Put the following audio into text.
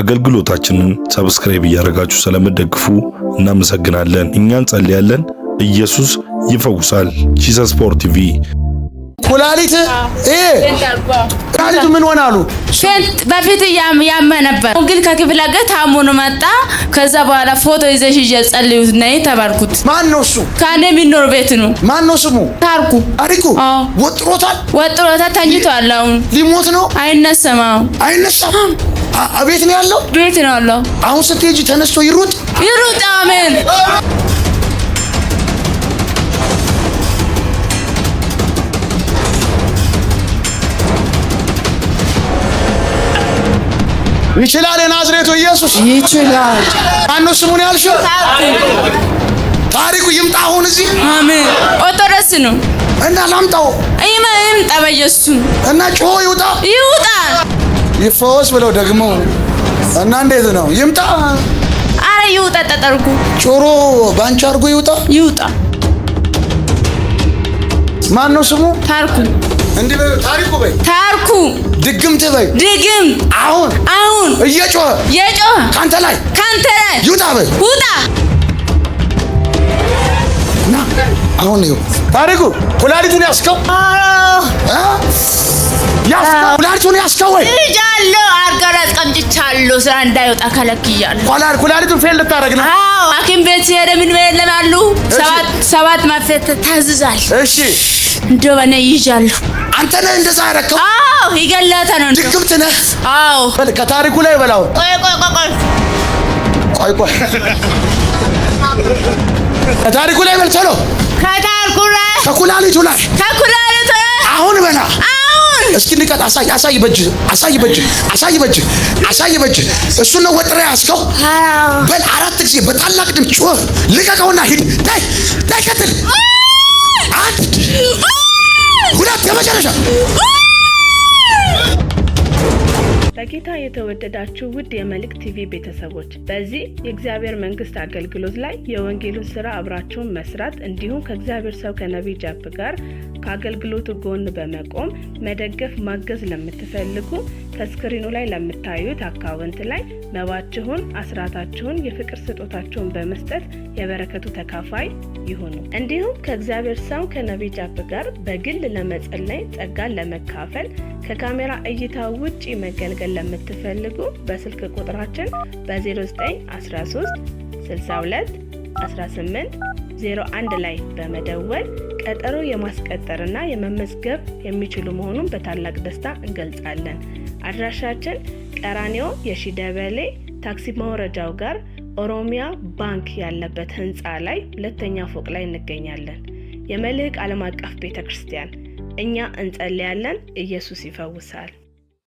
አገልግሎታችንን ሰብስክራይብ እያደረጋችሁ ስለምትደግፉ እናመሰግናለን። እኛ እንጸልያለን፣ ኢየሱስ ይፈውሳል። ጂሰስ ፓወር ቲቪ ኩላሊት እ ኩላሊቱ ምን ሆነ አሉ ፌንት በፊት ያመ ነበር፣ ግን ከክፍለ ሀገር ታሙን መጣ። ከዛ በኋላ ፎቶ ይዘሽ እየጸልዩት ነይ ተባልኩት። ማን ነው እሱ? ከኔ የሚኖር ቤት ነው። ማን ነው ስሙ? ታርኩ አሪኩ። ወጥሮታል፣ ወጥሮታል። ተኝቷል። አሁን ሊሞት ነው። አይነሳም፣ አይነሳም አቤት ነው ያለው። ቤት ነው ያለው። አሁን ስትሄጂ ተነስቶ ይሩጥ ይሩጥ። አሜን። ይችላል። የናዝሬቱ ኢየሱስ ይችላል። ማን ስሙን ያልሽ ታሪኩ ይምጣ አሁን እዚህ። አሜን። ኦርቶዶክስ ነው እና ላምጣው። ይምጣ በኢየሱስ እና ጮሆ ይውጣ ይውጣ። ይፈወስ ብለው ደግሞ እና እንዴት ነው ይምጣ? አረ ይውጣ። ጠጠርኩ ጮሮ ባንቺ አድርጎ ይውጣ ይውጣ። ማን ነው ስሙ? ታርኩ እንዲህ በይው። ታሪኩ በይ። ታርኩ ድግምት በይ። ድግም አሁን አሁን እየጮኸ እየጮኸ ካንተ ላይ ካንተ ላይ ይውጣ በይ። ውጣ ና አሁን ይኸው ታሪኩ ኩላሊቱን ያስከው ኩላሊቱን ያስተወይ እጃለሁ አልጋ ላይ አስቀምጥቻለሁ። ስራ እንዳይወጣ ከለክያለሁ። ኩላሊቱን ፌል ልታደርግ ነው። አዎ ሐኪም ቤት ሲሄድ ምን የለም አሉ። ሰባት ሰባት መፍትሄ ታዝዛል። እሺ እንደው በእኔ ይዣለሁ። አንተ ነህ እንደዛ ያደረከው? አዎ ይገላታል ነው። ድግምት ነህ? አዎ ከታሪኩ ላይ በላው። ቆይ ቆይ ቆይ ቆይ ቆይ ከታሪኩ ላይ በል ቶሎ ከታሪኩ ላይ ከኩላሊቱ ላይ እስኪ ንቀት አሳይ፣ አሳይ በጅ፣ አሳይ በጅ፣ አሳይ በጅ፣ አሳይ በጅ። እሱ ነው ወጥረ ያስከው በል። አራት ጊዜ በታላቅ ድምፅ ጮህ፣ ልቀቀውና ሂድ። ታይ ታይ፣ ቀጥል። አንድ ሁለት፣ የመጨረሻ በጌታ የተወደዳችሁ ውድ የመልእክት ቲቪ ቤተሰቦች በዚህ የእግዚአብሔር መንግስት አገልግሎት ላይ የወንጌሉን ስራ አብራችሁን መስራት እንዲሁም ከእግዚአብሔር ሰው ከነቢይ ጃፕ ጋር ከአገልግሎቱ ጎን በመቆም መደገፍ ማገዝ ለምትፈልጉ ከስክሪኑ ላይ ለምታዩት አካውንት ላይ መባችሁን፣ አስራታችሁን፣ የፍቅር ስጦታችሁን በመስጠት የበረከቱ ተካፋይ ይሁኑ። እንዲሁም ከእግዚአብሔር ሰው ከነቢይ ጃፕ ጋር በግል ለመጸለይ ጸጋን ለመካፈል ከካሜራ እይታ ውጪ መገልገል ለምትፈልጉ በስልክ ቁጥራችን በ0913 62 18 01 ላይ በመደወል ቀጠሮ የማስቀጠርና የመመዝገብ የሚችሉ መሆኑን በታላቅ ደስታ እንገልጻለን። አድራሻችን ቀራኒዮ የሺደበሌ ታክሲ ማውረጃው ጋር ኦሮሚያ ባንክ ያለበት ህንፃ ላይ ሁለተኛ ፎቅ ላይ እንገኛለን። የመልህቅ ዓለም አቀፍ ቤተ ክርስቲያን። እኛ እንጸልያለን፣ ኢየሱስ ይፈውሳል።